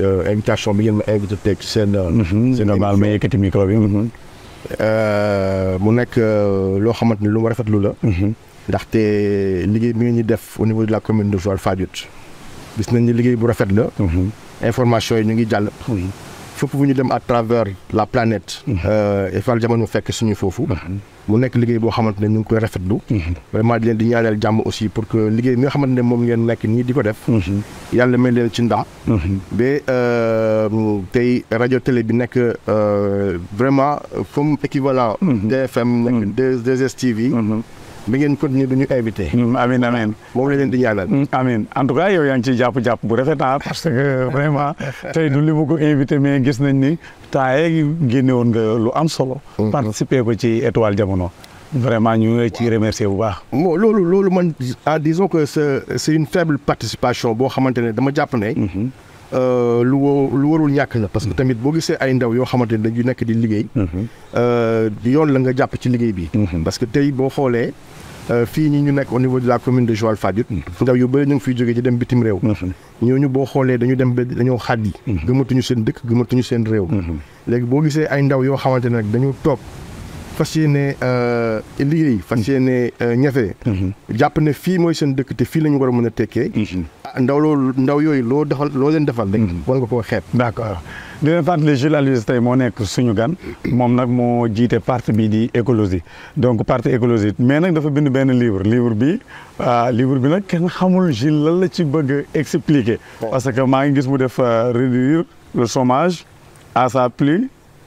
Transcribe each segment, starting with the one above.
invitation bi ngeen ma invité teg seen. seen normal ma yëkkati micro bi. mu nekk loo xamante ni lu ma rafetlu la. ndaxte liggéey bi ngeen ñu def au niveau de la commune de Joal Fadiouth. gis nañ ni liggéey bu rafet la. Mhm. information yi ñu ngi jàll. Mhm. Il ñu dem à travers la planète. nous mhm. euh, jamono fekk suñu mhm. mu ñu koy rafetlu. Mhm. vraiment di aussi pour que ngeen def. ci ndax. Euh, télé euh, vraiment comme équivalent. DFM des des bi ngeen continuer di ñu invité. amiin amiin. moom la leen di ñaanal. amiin en tout cas yow yaa ngi ciy jàpp-jàpp bu rafet ah parce que vraiment tey du li ma ko invité mais gis nañ ni taayee génne woon nga lu am solo. Hmm. participé ko ci étoile jamono. vraiment ñu ngi ci remercier bu baax. bon loolu loolu man ah disons que c' est c' est une faible participation boo xamante ne dama jàpp ne. Mm -hmm. Euh, lu woo lu warul ñàkk na parce que mm-hmm. tamit boo gisee ay ndaw yoo xamante ne dañu nekk di liggéey di mm-hmm. euh, yoon la nga jàpp ci liggéey bi mm-hmm. parce que tey boo xoolee euh, fii ñi ñu nekk au la commune de Joal Fadiouth ndaw yu fiy jógee di dem bitim réew ñooñu boo xoolee dañu dem ba dañoo xàddi gëmatuñu seen dëkk gëmatuñu seen réew léegi boo gisee ay ndaw yoo xamante ne nag dañu toog fas yéene euh, liggéey fas yéene euh, ñafe mm-hmm. jàpp na fii mooy seen dëkk te fii la ñu war a mën a tekkee mm-hmm. ah, ndaw loolu ndaw yooyu loo defal loo leen defal de mm-hmm. war nga koo xeeb d'accord di leen fàttali Jules Aloyse tey moo nekk suñu gan moom nag moo jiite parti bii di écologie donc parti écologie mais nag dafa bind benn livre livre bi ah, livre bi nag kenn xamul Jules lan la ci bëgg expliquer parce que maa ngi gis mu def euh, réduire le chômage à sa plus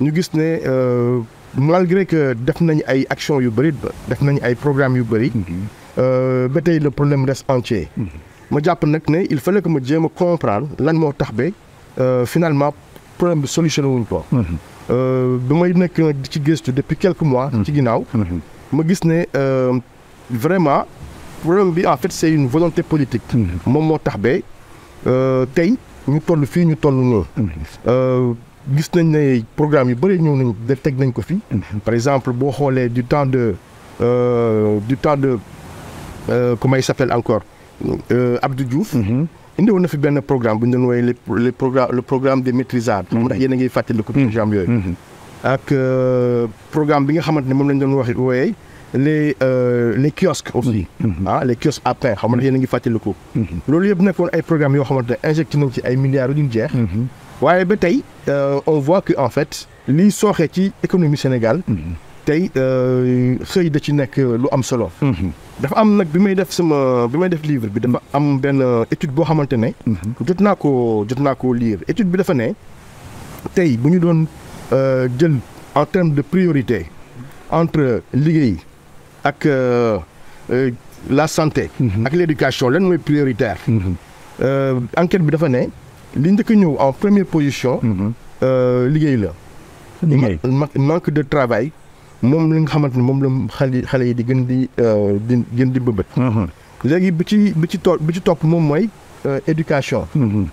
ñu gis ne euh, malgré que def nañ ay actions yu bëri def nañ ay programmes yu bëri. Mhm. Euh, ba tey le problème reste entier. Mhm. ma jàpp nag ne il fallait que ma jéem a comprendre lan moo tax ba euh, finalement problème bi solutionné wuñ ko. Mhm. bi may nekk ci gëstu depuis quelques mois. ci ginnaaw. ma gis ne vraiment problème bi en fait c' est une volonté politique. moom moo tax ba tey ñu toll fii ñu toll noonu gis nañ ne programme yu bëri ñëw nañ def teg nañ ko fi. Mm-hmm. par exemple boo xoolee du temps de euh, du temps de euh, comment il s'appelle encore euh, Abdou Diouf. Mm-hmm. indi woon na fi benn programme bu ñu doon woowee le le programme le programme des maîtrisables. mu mm-hmm. ndax yéen a ngi fàttaliku programme yooyu. ak euh, programme bi nga xamante ne moom lañ doon wax wooyee les euh, les kiosques aussi. ah les kiosques à pain xam nga yéen a ngi fàttaliku. loolu yëpp nekkoon ay programme yoo xamante ne injecté nañ ci ay milliards yu ñu jeex. Waye waaye tay, euh, on voit que en fait liy soxe ci économie Sénégal. Mhm. tay euh, xëy da ci nek lu am solo. Mhm. dafa am nak bimay def sama bimay def livre bi dafa am benn euh, étude boo xamante ne. Mhm. jot naa koo jot naa koo lire étude bi dafa ne tay bu ñu doon euh, jël en terme de priorité entre liggéey ak euh, euh la santé. ak l'éducation éducation lan mooy prioritaire. enquête bi dafa ne li njëkk a en première position. Mhm. Euh, liggéey la. manque de travail moom la nga xamante ne moom la yi di gën di euh, di gën di bëbët. Mhm. léegi bi ci bi ci euh, éducation. Mhm.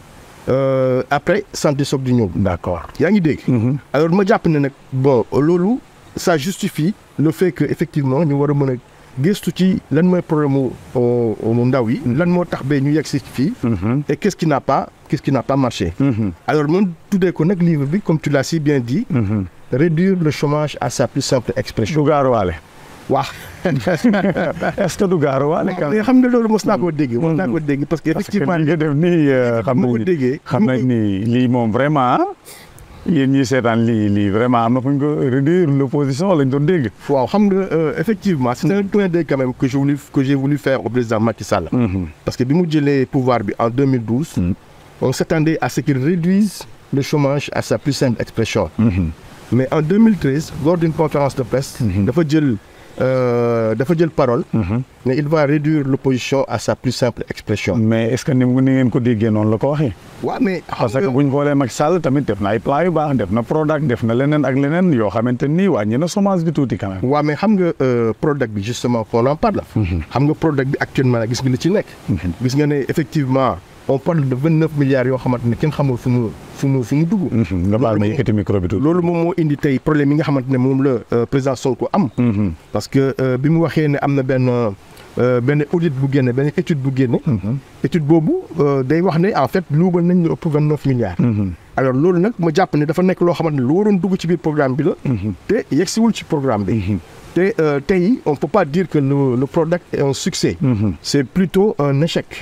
après santé soog di ñëw. d'accord yaa une idée, alors moi jàpp ne bon l'Olu, ça justifie le fait que effectivement ñu avons a mën a gëstu ci lan mooy problème au ndaw yi. lan moo tax ñu et qu'est-ce qui n'a pas qu'est-ce qui n'a pas marché. Mhm. Alors, même tout déconnecte le livre, comme tu l'as si bien dit, mhm. réduire le chômage à sa plus simple expression. waaw est-ce que du gaaru waale. xam nga loolu mos naa koo mhm. déggee. mos naa parce que effectivement nga def nii euh, xam nañu xam nañ ni lii vraiment. Ah, yéen ñii seetaan lii lii vraiment am ko réduire l'opposition lañ waaw euh, effectivement c'est un point de quand même que j'ai voulu que j'ai voulu faire au président Macky Sall. parce que bi mu jëlee pouvoir en 2012 on s'attendait à ce qu'il réduise le chômage à sa plus simple expression. Mhm. Mais en 2013, lors d'une conférence de presse, mhm. euh, parole. Mhm. mais il va réduire l'opposition à sa plus simple expression. mais est-ce que ni avez ko que vous la ko que vous mais parce que euh, Sall tamit que vous chômage bi mais xam nga euh, justement actuellement effectivement on parle de 29 milliards yo xamantene ne kenn xamul fu mu fu mu fu mu dugg. nga baal ma yëkkati micro bi loolu moom moo indi tay problème yi nga xamantene mom moom la euh, président Sonko am. Mhm. parce que euh, bi mu waxé né, am ben ben ben audit bu génne ben étude bu génne. Mhm. étude boobu day wax né en fait luubal nañ ñu ëpp milliards. Mhm. alors loolu nag ma jàpp ne dafa nekk loo xamante ne lu waroon dugg ci biir programme bi la. te yegsiwul ci programme bi. te tey on peut pas dire que le le product est un succès. c'est plutôt un échec.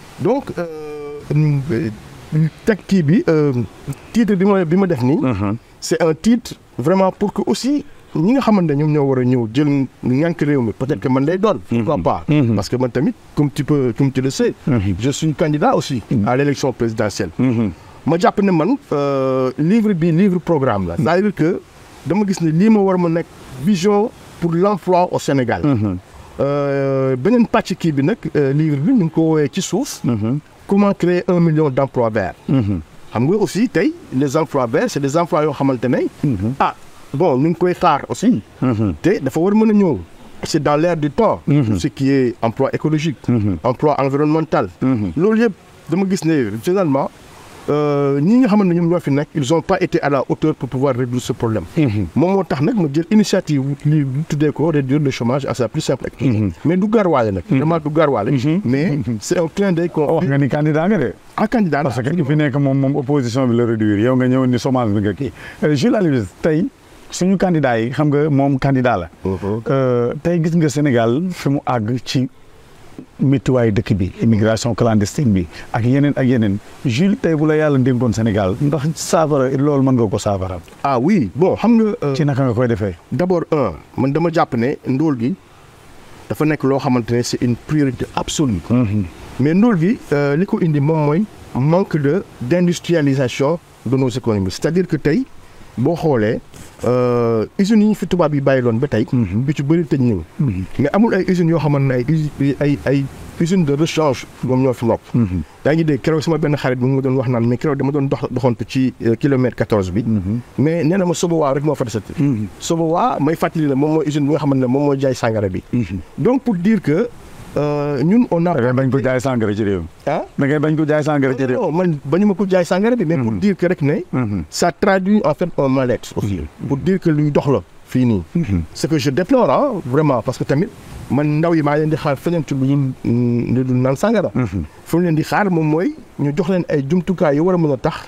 donc euh, euh, kii bi euh, titre bi ma bi def ni uh-huh. c'est un titre vraiment pour que aussi. ñi nga xamante ñom ñoo wara ñëw jël ñànk réew mi peut-être que man lay doon. Uh-huh. pourquoi pas. Uh-huh. parce que man tamit comme tu peux comme tu le sais. je suis candidat aussi. à l'élection présidentielle. ma japp ne man livre bi livre programme la. c'est-à-dire que dama gis ne li ma war ma nek vision pour l'emploi au Sénégal. Euh, beneen pàcc kii bi nag euh, livre bi ñu ngi ko woowee ci suuf. Mhm. comment créer un million d' emplois verts. Mhm. xam nga aussi tey les emplois verts c' est des emplois yoo xamante ne. Mhm. ah bon ñu ngi koy taar aussi. te dafa war mën a ñëw. c' est dans l'air du temps. tout ce qui est emploi écologique. emploi environnemental. loolu yëpp dama gis ne finalement. Euh, ñi nga xam ne ñoom ñoo fi nekk ils ont pas été à la hauteur pour pouvoir résoudre ce problème. Mhm. moom moo tax nag ma jël initiative li tuddee ko réduire le chômage à sa plus simple expression. Mhm. mais du gaarwaale nag. Mhm. vraiment du gaarwaale. mais c'est est un clin d'œil ko oh, wax nga ni candidat nga de. ah candidat parce que ki fi nekk moom opposition bi la réduire yow nga ñëw ni chômage bi nga kii. Euh, Jules Aloyse tey suñu candidat yi xam nga moom candidat la. Uh-huh. Euh, tey gis nga Sénégal fi mu àgg ci méttiwaayu dëkk immigration clandestine bi ak Jules la Sénégal ndax saafara loolu mën nga ko ah oui bon xam nga. Euh, ci nga koy d'abord un man dama jàpp ne ndóol gi dafa c'est une priorité absolue. Mhm. mais ndóol gi euh, li manque d'industrialisation de nos économies c'est-à-dire que boo xoolee euh, usines yi ñu fi tubaab yi bàyyi loon ba tey. bi mhm. ci bëri tëj nañu. Mhm. mais amul ay usines yoo xamante ne ay usines ay ay usines de rechange moom ñoo fi nopp. daa mhm. ngi dégg keroog sama benn xarit bu ma doon wax naan mais keroog dama doon dox doxantu ci euh, kilomètre 14 bi. mais nee na ma Sobowa rek moo fa desati. Sobowa may fàttali ne moom mooy usine bi nga xamante ne moom moo jaay sàngara bi. donc pour dire que. Euh, ñun on a. da ngay bañ ko jaay sangara ci réew mi. ah da ngay bañ ko jaay sangara ci réew non man bañuma ko jaay sangara bi. mais mm-hmm. pour dire que rek ne. Mm-hmm. ça traduit en fait un mal-être aussi. Mm-hmm. pour dire que luy dox la fii nii. ce que je déplore ah vraiment parce que tamit man ndaw yi maa leen di xaar feneen ci lu ñu mm, du naan sangara. fu ñu leen di xaar moom mooy ñu jox leen ay jumtukaay yu war a mën a tax.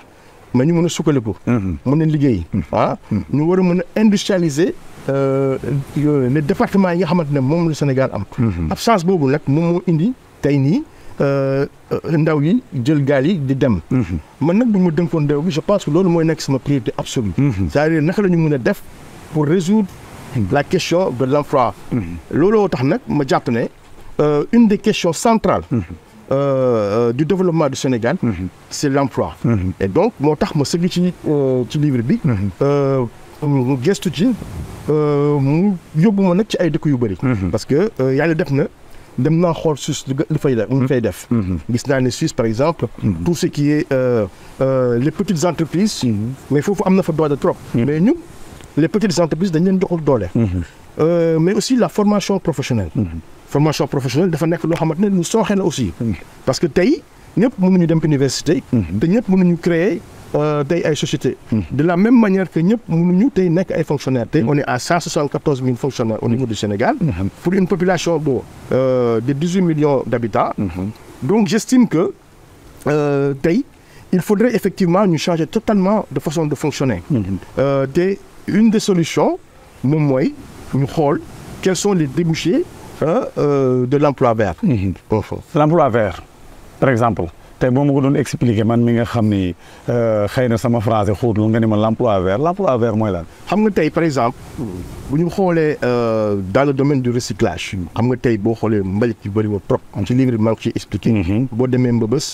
mais ñu mën a sukkaliku. mën a liggéey. ah ñu war a mën a industrialiser le euh, département yi nga xamante ne moom Sénégal am. Mhm. absence bobu nag moom moo indi ni euh ndaw yi jël gal yi di dem. Mhm. man nak bu ma dënkoon bi je pense que lolu moy nek sama priorité absolue. Mhm. c'est-à-dire nak lañu mëna def pour résoudre la question de l'emploi. lolu tax nak ma jàpp ne euh, une des questions centrales. Euh, euh, du développement du Sénégal. c'est l'emploi. et donc moo tax ma sëgg ci ci livre bi. Euh, gëstu ci euh, mu yóbbu ma ci ay dëkk yu bari mhm. parce que euh, yalla def na dem na xool Suisse li fay def li fay def. Mhm. Mhm. gis na ni Suisse par exemple. tout ce qui est les petites entreprises. mais fofu amna na fa doole trop. mais ñun les petites entreprises dañ leen joxul doole. mais aussi la formation professionnelle. formation professionnelle dafa nek lo xamantene ne lu na aussi. parce que ñep mënu ñu dem université. te mënu ñu créer. Euh, hmm. de la même manière que nous sommes fonctionnaires hmm. on est à 174 000 fonctionnaires au hmm. niveau du Sénégal pour une population de 18 euh, millions d'habitants donc j'estime que euh, il faudrait effectivement nous changer totalement de façon de fonctionner une des solutions nous, moyen, quels sont les débouchés hein, de l'emploi vert l'emploi vert par exemple tey boo ma ko doon expliquer man mi nga xam ni euh, xëy na sama français xóotul nga ni ma l'emploi vert l'emploi vert mooy lan. xam nga tey par exemple bu ñu xoolee euh, dans le domaine du recyclage xam nga tey boo xoolee mbalit yu bëri woon trop ci livre bi maa ngi ko ciy expliqué. Mm-hmm. boo demee Mbëbës.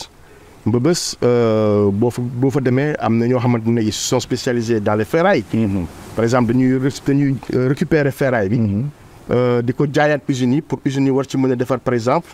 Mbëbës euh, boo fa boo fa am na ñoo xamante ne ils sont spécialisés dans les ferrailles. Mm-hmm. par exemple dañuy dañuy récupérer ferraille bi. Mm-hmm. di ko jaayaat usines yi pour usines yi war ci mën a defar par exemple.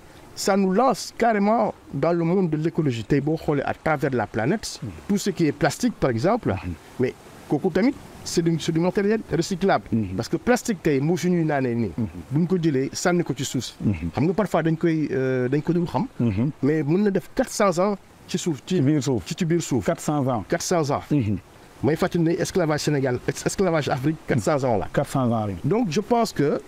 ça nous lance carrément dans le monde de l'écologie. à travers la planète, tout ce qui est plastique par exemple, mais c'est du, matériel recyclable. Mm-hmm. Parce que le plastique, tu es mouche une année. Vous ne connaissez pas, On ne connaissez pas. Vous parfois, vous connaissez pas. Mais vous a 400 ans, tu souffres. Tu bires souffres. 400 ans. 400 ans. Mm -hmm. Mais il faut esclavage Sénégal, esclavage Afrique, 400 ans là. 400 ans, Donc je pense que.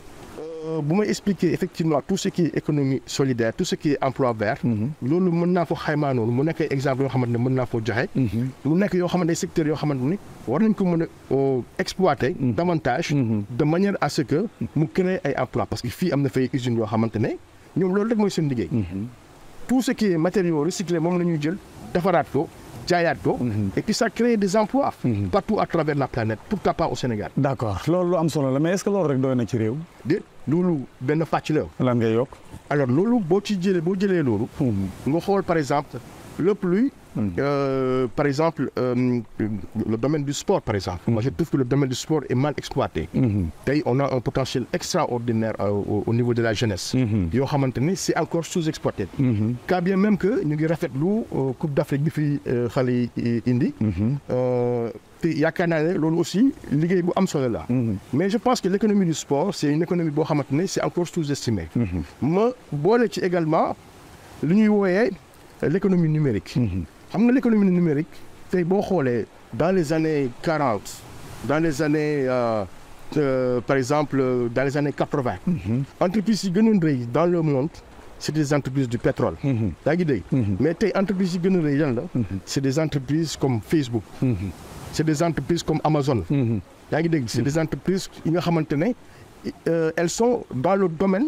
Vous euh, expliquer effectivement tout ce qui est économie solidaire tout ce qui est emploi vert. Mhm. Nous nous naa ko xaymaa noonu mu nekk exemple yoo xamante ne mën naa koo joxe. Mhm. lu nekk yoo xamante ne secteurs yoo war nañ ko mën euh, mhm. davantage. de manière à ce que nous créions ay emplois parce que si nous na fay usines yoo Nous ne ñoom loolu rek tout ce qui est matériaux recyclés moom la ñuy jël defaraat ko. Mhm. et puis ça crée des emplois. Mhm. partout à travers la planète pourquoi pas au Sénégal. D'accord. mais est ce que c'est rek alors Lulu, mhm. par exemple le pluie, euh, par exemple, euh, le domaine du sport, par exemple. Moi, je mhm. trouve que le domaine du sport est mal exploité. Mhm. on a un potentiel extraordinaire euh, au, niveau de la jeunesse. Mhm. c'est encore sous-exploité. Car bien même que nous avons fait la Coupe d'Afrique bi fi il indi. a yaakaar qui aussi ligue bu mais je pense que l'économie du sport c'est une économie bo c'est encore sous-estimé. ma également l'économie numérique l'économie numérique fait dans les années 40, dans les années euh, euh, par exemple dans les années 80, mhm. entreprises yi dans le monde. c'est des entreprises du pétrole. Mhm. ngi mhm. mais tey entreprises yi gagnent des entreprises comme Facebook. c'est des entreprises comme Amazon. C'est des entreprises qui euh, elles sont dans le domaine.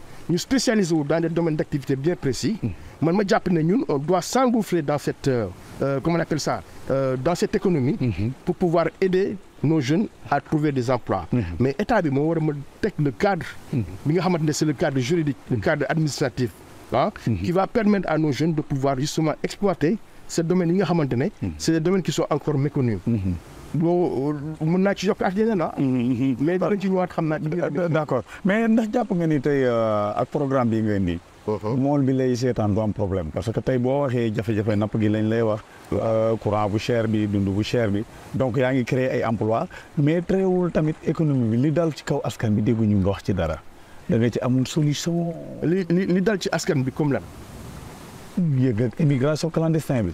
Nous spécialisons dans des domaines d'activité bien précis man ma on doit s'engouffrer dans cette euh, euh, comment on appelle ça euh, dans cette économie mhm. pour pouvoir aider nos jeunes à trouver des emplois mhm. mais l'État le cadre mhm. c'est le cadre juridique le cadre administratif ah, qui va permettre à nos jeunes de pouvoir justement exploiter ces domaines c'est des domaines qui sont encore méconnus boo mën naa ci yokk ak yeneen ah. mais dinañ ci ñëwaat xam naa. d' accord mais ndax jàpp nga ni tey euh, ak programme bi nga indi. Uh-huh. mool bi lay seetaan du am problème. parce que tey boo waxee jafe-jafe napp gi lañ lay wax. Euh, courant bu cher bi dund bu cher bi. donc yaa ngi créer ay emploi mais wul tamit économie bi li dal ci kaw askan bi dégguñu nga wax ci dara. da nga ci amul solution. li li dal ci askan bi comme la yëg ak immigration bi.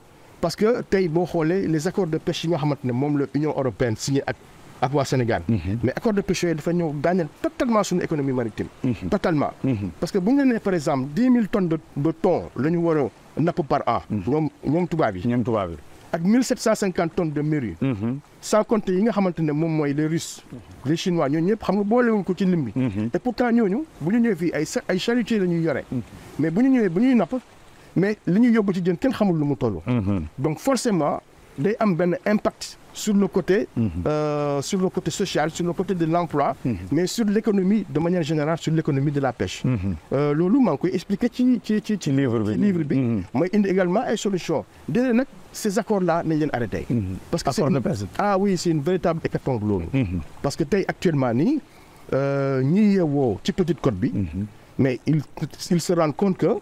parce que tey boo les accords de pêche yi nga xamante ne moom Union européenne signé ak ak Sénégal. Mhm. mais accord de pêche yooyu dafa ñëw totalement suñu économie maritime. Mhm. totalement. Mhm. parce que bu la par exemple 10 000 tonnes de de thon le numéro war a par an. ñoom ñoom tubaab yi. ñoom tubaab yi ak mille tonnes de merlu. sans compter yi nga xamante ne les Russes. les Chinois ñooñu ñëpp xam nga boolewuñ ko ci et pourtant ñooñu bu ñu ñëwee fii ay ay charité la ñuy mais bu ñu ñëwee bu ñuy mais li New yóbbu ci jën kenn xamul lu mu mhm. donc forcément day am un impact sur le côté. Mhm. Euh, sur le côté social sur le côté de l'emploi mhm. mais sur l'économie de manière générale sur l'économie de la pêche. Euh, loolu maa ngi koy expliquer ci ci ci ci livre bi. livre bi également ay solutions Dès nag ces accords là nañ leen arrêté. parce que de ah oui c'est une véritable hécatombe parce que tey actuellement ni euh, ñi yeewoo ci petite côte bi. mais ils il se rendent compte que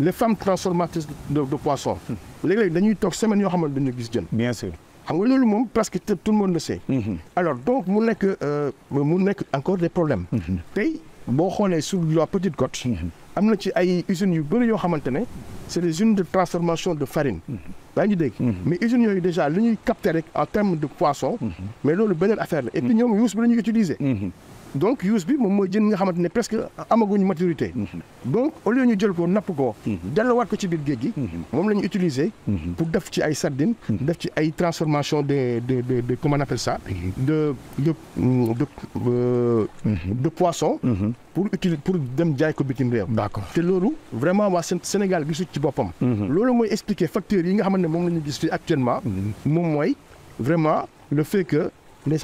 les femmes transformatrices de de poisson. Les hmm. léeg dañuy toog semaine yoo xamante dañu gis bien sûr xam nga loolu moom presque tout le monde le sait. Hmm. alors donc mu nekk euh, mu encore des problèmes. Hmm. tey on est sous la petite côte. am na ci ay usines yu bëri yoo xamante ne des usines de transformation de farine. daa ngi mais usines ont déjà li capter rek en terme de poisson. mais loolu beneen affaire et puis ñoom yuus bi la utiliser donc USB, bi moom mooy maturité. Mhm. donc au lieu nous jël ko ko. Mhm. Mhm. pour faire des sardines. def transformation de de de comment on appelle ça. de de euh, poisson. pour utiliser pour d'accord C'est vraiment au Sénégal Ce ci boppam. loolu mooy expliquer actuellement. vraiment le fait que les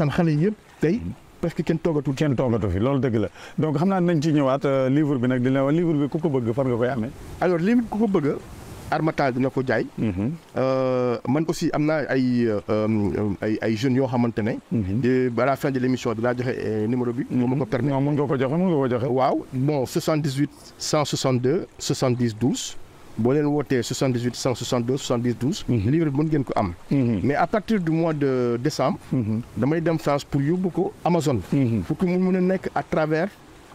parce que kenn toogatul kenn toogatu fi lolou deug la donc xamna nañ ci ñëwaat euh, livre bi nak dina wax livre bi ku ko bëgg far nga koy amé alors livre ku ko bëgg Harmattan dina ko jaay. Mhm. Euh, man aussi amna ay euh, ay ay jeunes yo xamantene de mhm. à la fin de l'émission émission dinaa joxe numéro bi. mu ma ko permettre non mun ko joxe mun nga ko joxe. waaw bon 78 162 70 12. Bonne 78 172 70 12. livre bon mën ngeen ko am. Mhm. mais à partir du mois de décembre. Mhm. damay dem France pour yobou ko Amazon. Mhm. pour que mon nez à travers.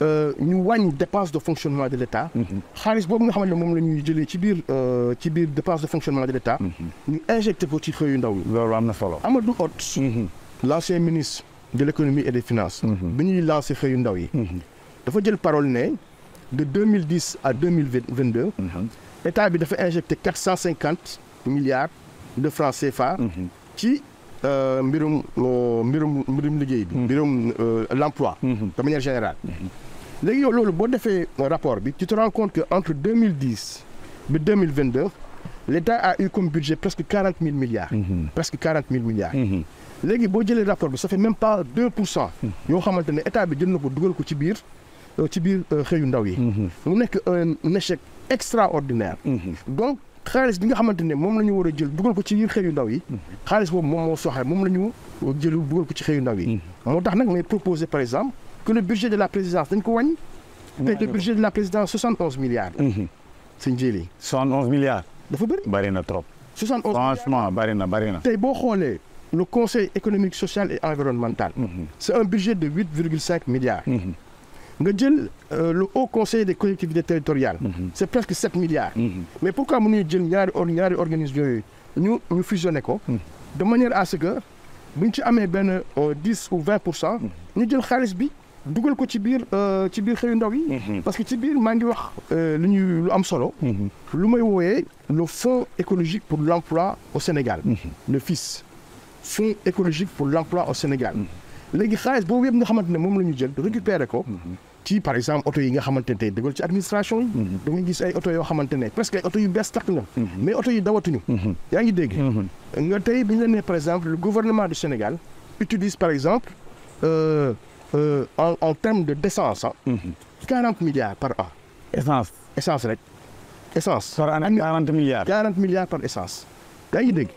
Euh, ñu des dépenses de fonctionnement de l'État. état. nous avons nga xamante euh, dépenses de fonctionnement de l'État, nous mhm. ñu injecté ko ci xëyu ndaw yi. Mhm. ministre de l'économie et des finances. Mhm. bi lancé lancé feuilles. ndaw yi. dafa jël parole de 2010 à 2022, l'État a état bi dafa injecté milliards de francs CFA. qui euh, mbirum mbirum mbirum bi. de manière générale léegi yow loolu boo un rapport bi tu te rends compte que entre 2010 et 2022 l'État a eu comme budget presque 40 000 milliards. Mmh. presque 40 000 milliards. Mhm. léegi boo jëlee rapport bi ça fait même pas 2 pour cent. Mhm. yoo xamante ne état bi jël na ko dugal ko ci biir euh, ci euh, ndaw yi. Mhm. un échec extraordinaire. donc xaalis bi nga xamante mom lañu wara jël dugal ko ci biir xeyu ndaw yi. xaalis boobu moom moo soxal moom la euh, jël dugal ko ci xeyu ndaw yi. motax nak may proposer par exemple le budget de la présidence, c'est le budget de la présidence, 71 milliards. C'est mhm. 71 milliards. Barina trop. 71 Franchement, Le Conseil économique, social et environnemental, mhm. c'est un budget de 8,5 milliards. Mhm. Euh, le Haut Conseil des collectivités territoriales, c'est presque 7 milliards. Mais pourquoi nous avons nous organisé, nous fusionnons de manière à ce que, si nous avons 10 ou 20%, mm fait nous avons dugal ko ci biir euh, ci biir xëyu ndaw yi. Mhm. parce que ci biir maa ngi wax euh, lu ñuy lu am solo. Mhm. lu may wooyee le fonds écologique pour l' emploi au Sénégal. Mhm. le fils fonds écologique pour l' emploi au Sénégal. léegi xaalis boobu yëpp nga xamante ne moom la ñu jël récupérer ko. ci par exemple oto yi nga xamante ne ci administration yi. da nga gis ay oto yoo xamante ne presque ay oto yu bees tàq la. mais oto yi dawatuñu. yaa ngi dégg. nga tey bi ñu la nee par exemple le gouvernement du Sénégal utilise par exemple. Euh, euh, en, termes de décence, 40 hein, mhm. milliards par an. Essence. Essence Essence. 40 milliards. 40 milliards par essence. yaa ngi dégg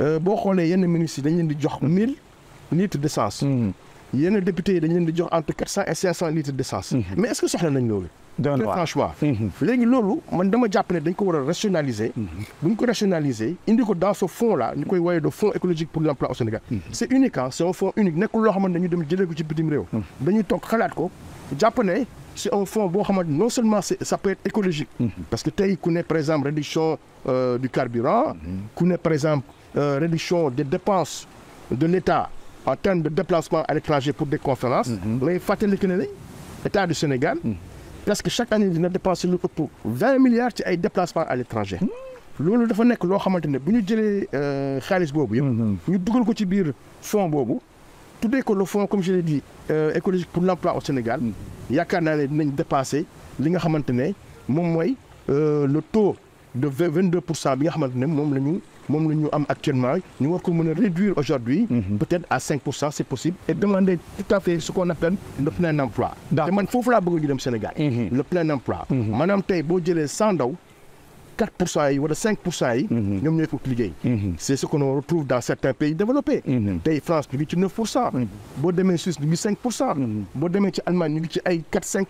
euh, boo de ministres dañ leen 1000 litres d'essence, essence. Mhm. député députés dañ entre 400 et 500 litres d'essence, mhm. mais est ce que soxla nañ loolu d'un noir franchement. Mhm. léegi loolu man dama jàpp ne dañ ko war rationaliser. Mhm. bu ñu ko rationaliser indi ko dans ce fonds là nous koy woowee de fonds écologique pour l'emploi au Sénégal. Mhm. c'est unique hein. c'est un fonds unique nekkul loo xamante dañu dem jëlee ko ci bitim réew. dañuy toog xalaat ko jàpp ne. c'est un fonds bon, non seulement ça peut être écologique mm -hmm. parce que tu ku par exemple réduction euh, du carburant ku par exemple euh, réduction des dépenses de l'État en termes de déplacement à l'étranger pour des conférences lay fàttali que ne état du Sénégal mm -hmm presque chaque année dina dépenser lu ëpp 20 milliards ci ay déplacement à l'étranger loolu dafa nekk loo xamante ne bu ñu jëlee euh, xaalis boobu yëpp mm-hmm. ñu dugal ko ci biir fonds boobu tuddee ko le fonds comme je l'ai dit euh, écologique pour l'emploi au Sénégal mm-hmm. yaakaar naa ne dinañ dépasser li nga xamante ne moom mooy euh, le taux de 22% pour cent bi nga xamante ne moom la ñu mom lu ñu am actuellement ñu war ko réduire aujourd'hui mhm. peut-être à 5 c'est possible et demander tout à fait ce qu'on appelle le plein emploi Il man fofu la bëgg ñu dem Sénégal mhm. le plein emploi mhm. manam tay vous jëlé 100 ndaw 4 ou 5 pour mhm. mhm. ce qu'on retrouve dans certains pays développés. Dans mhm. France ñu ngi ci 9 pour cent. Suisse ñu 5 Dans cent. ci Allemagne ñu 4 5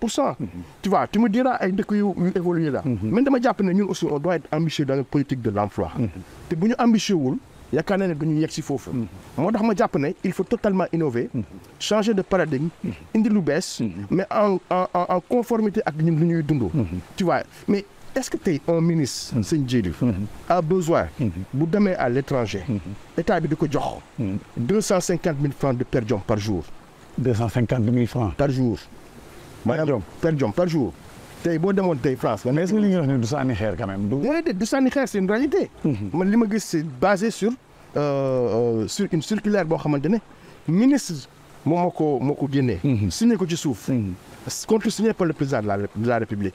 tu vois tu me diras ay dëkk évoluer là. mais dama jàpp ne aussi on doit être ambitieux dans la politique de l'emploi. si on bu ambitieux il y a quand même yegg si foofu. Moi, tax ma jàpp ne il faut totalement innover. changer de paradigme. indi lu mais en conformité avec ñun lu ñuy faisons. tu vois mais est-ce que es un ministre, mm a besoin, mm-hmm. de vous à l'étranger, mm -hmm. 250 000 francs de perdion par jour. 250 000 francs Par jour. Perdion Perdion, par jour. T'es bon de monter France. Mais est-ce que nous sommes en quand même Oui, nous sommes c'est une réalité. Mais mm -hmm. c'est basé sur, euh, euh, une circulaire Le ministre Moko Moko Guinée, signé que tu souffres, contre signe par le président de la République.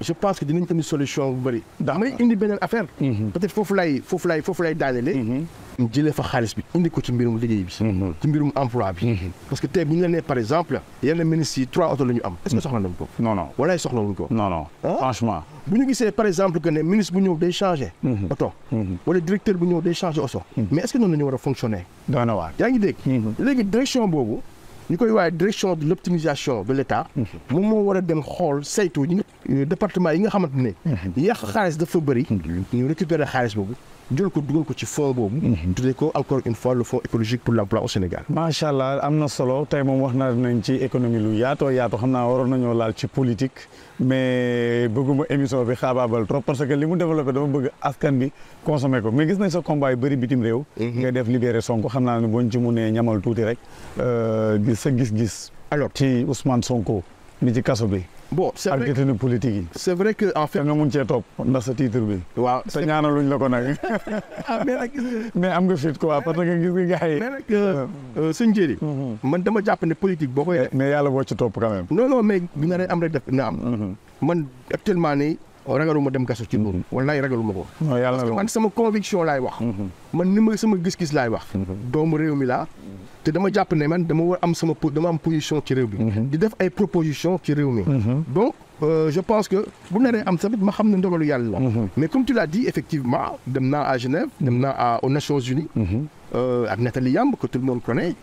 je pense que avons une solution bu avons ndax affaire. Mhm. peut-être qu'il faut faut parce que tu es la par exemple ministres trois autres est-ce que mhm. soxla non non non non ah? franchement. par exemple que ministre bu ñëw day mhm. directeur aussi. mais est-ce que nous fonctionner. na il y ngi direction ñu koy waaye direction de l'optimisation de l'État mhm. moom moo war a dem xool saytu ñi euh, département yi nga xamante ne mhm. yàq xaalis dafa bëri mhm. ñu récupérer xaalis boobu djol ko dugal ko ci fond bobu mhm. tuddee ko encore une fois le fonds écologique pour l'emploi au Sénégal. macha allah am solo tay mom wax na nañ ci économie lu yaatoo yaatoo xam naa waroon nañoo laal ci politique mais bëgguma émission bi xababal trop parce que limu développer dama bëgg askan bi consommer ko mais gis nañ sa combat yu bari bitim rew mhm. nga def libérer Sonko xamna naa ne ci mune ñamal tuuti rek. euh bi sa gis-gis. alors ci Ousmane Sonko ni ci kasso bi. bon c'est vrai politique yi. vrai que en fait. nous sommes top dans ce sa titre bi. waaw te ñaanaluñ la ko nag. ah mais nag. mais am nga fit quoi parce que gis nga gars yi. mais nag sëñ Njeri. man dama jàpp ne politique boo koy def. mais yàlla boo ci topp quand même. non non mais bi nga ne am pas def na am. man actuellement nii. ragaluma dem kaso ci loolu. walaay ragaluma ko. non yàlla man sama conviction laay wax. man ni ma sama gis-gis laay wax. doomu réew mi laa. te dama japonais ne man dama war am sama dama am position ci réew bi mhm. di def ay proposition ci mi mhm. donc euh, je pense que bu naree am tamit ma xam mhm. mais comme tu l'as dit effectivement dem à Genève dem à aux Nations Unies euh, avec Nathalie Yamb que tout le monde connaît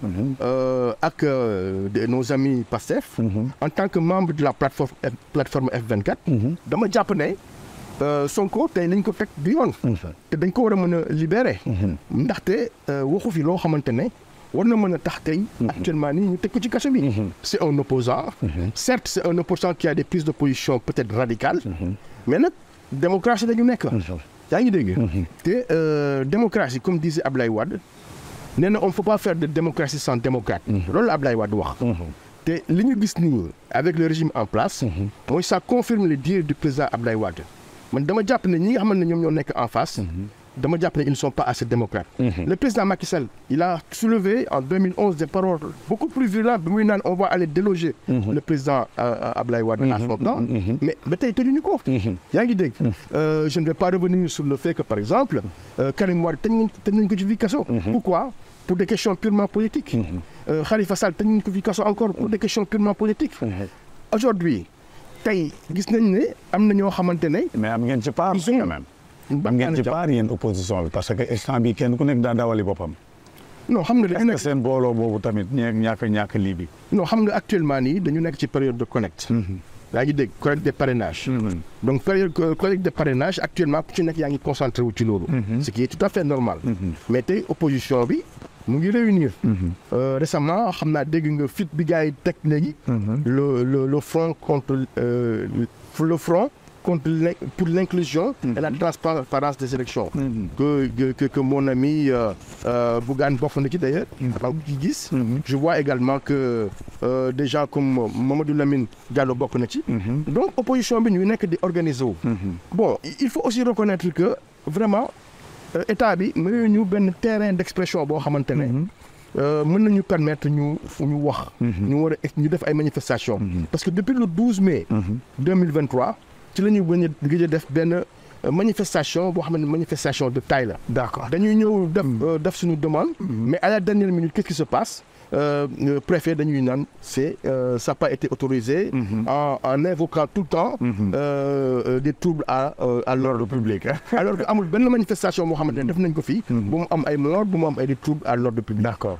euh, avec de nos amis PASTEF en tant que membre de la plateforme plateforme F24 dama jàpp japonais Sonko tey nañ ko teg du yoon te dañ ko war a mën a libérer ndaxte fi Mhm. actuellement mhm. c'est un opposant mhm. certes c'est un opposant qui a des prises de position peut-être radicales mais notre démocratie dañu nekk yaa ngi euh, démocratie comme disait Ablaye Wad, on ne peut pas faire de démocratie sans démocrate C'est ce Ablaye Wad wax te li ñu avec le régime en place ça confirme les dires du président Ablaye Wad. Je dama ne ñi nga xamante ne ñoo en face de mon ils ne sont pas assez démocrates. Mhm. le président Macky Sall il a soulevé en 2011 des paroles beaucoup plus violentes on va aller déloger. Mhm. le président euh, euh, Ablaye Wade. à mhm. mais tu es tenu ko. Euh, je ne vais pas revenir sur le fait que par exemple Karim Ward tenait une justification. pourquoi pour des questions purement politiques. Khalifa Sall tenait une justification encore pour des questions purement politiques. aujourd'hui tey gis nañ ne mais quand même ba ngeen ci paar opposition parce que instant bi kenn ku nek da dawali bopam non xam nga li nekk bolo bobu tamit ñeeg ñàkk ñak li bi. non xam nga actuellement ni dañu nek ci période de connect. da mm-hmm. ngi dégg collecte de parrainage. Mm-hmm. donc période euh, collecte de parrainage actuellement ku ci nek yaa ngi concentré wu ci lolu mm-hmm. ce qui est tout à fait normal. mais tay opposition bi mu ngi réunir. Euh, récemment xam naa dégg nga fit bi gars yi teg léegi. le le le front contre euh, le front pour l'inclusion et la mhm. transparence des élections. Mhm. Que, que, mon ami euh, euh, Bougan Bofondeki d'ailleurs, mhm. je vois également que euh, des gens comme Mamadou Lamine Diallo Bokoneti. Donc, opposition, nous n'est que des organisateurs Bon, il faut aussi reconnaître que vraiment, l'État a a un terrain d'expression. Euh, mën nous permettre ñu nous wax. de nous voir, ñu def ay manifestations. parce que depuis le 12 mai. 2023 ci lañuy ñuy gën def ben manifestation bo xam manifestation de taille la. d'accord dañuy ñëw def mm. euh, def suñu demande. Mm. mais à la dernière minute qu'est-ce qui se passe. Euh, le euh, préfet dañuy naan c'est euh, ça n'a pas été autorisé. Mm -hmm. en en invoquant tout le temps. Mm -hmm. euh, des troubles à à l'ordre public. Hein. alors que amul benn manifestation Mohamed, xamante ne def nañ ko fii. Mm-hmm. bu mu am ay bu mu am ay des troubles à l'ordre public. D'accord.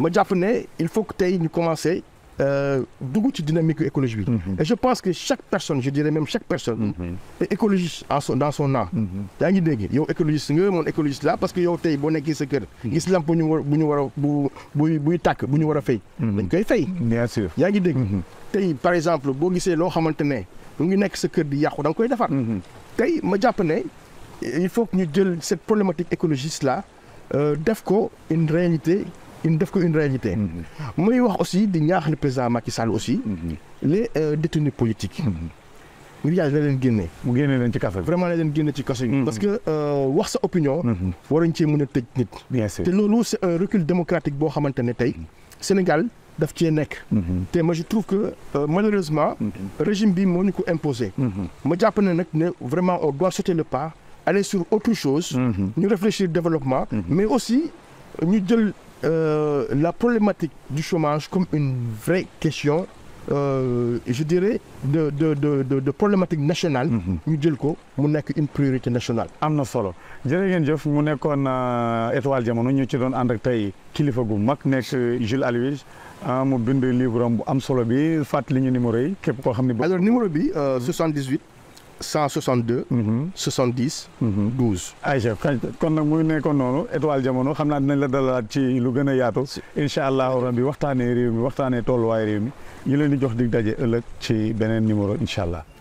ma il faut que tu ñu commencé beaucoup ci dynamique écologique. Mhm. et je pense que chaque personne je dirais même chaque personne. Mhm. est écologiste dans son âme. Mhm. yaa ngi a yow écologiste écologiste là, parce que yow sa gis a bu buy bien sûr par exemple si sa di il faut que nous cette problématique écologiste là euh, def une réalité. Il def ko une réalité. Je mm-hmm. wax aussi di ñaax le président Macky Sall aussi. Mm-hmm. les euh, détenus politiques. ngir yàlla na leen génne. mu génne leen ci kaso vraiment na leen génne ci kaso mm-hmm. parce que euh, wax sa opinion. waruñ cee mën a nit. bien sûr c'est un recul démocratique boo Sénégal daf cee nekk. te ma je trouve que euh, malheureusement. le régime bi imposé. Je pense ne nag vraiment on doit sauter le pas aller sur autre chose. ñu réfléchir développement. mais aussi ñu jël euh, la problématique du chômage comme une vraie question Euh, je dirais de de de de, de problématique nationale. Mhm. ñu jël ko mu nekk une priorité nationale. Amna na solo jërë ngeen jëf mu nekkoon euh, étoile jamono ñu ci doon ànd ak tey kilifa gu mag nekk Jules Aloyse euh, mu livre am bu fat solo bi ñu numéro képp koo xam alors numéro bi 78. 162. 70. 12. ayca kon nag muy nekkoon noonu étoile jamono xam naa dinañ la dalalaat ci lu gën a yaatu. incha allahu rabbi waxtaanee réew mi waxtaanee tolluwaay réew mi ñu leen di jox dig daje ëllëg ci beneen numéro incha allah.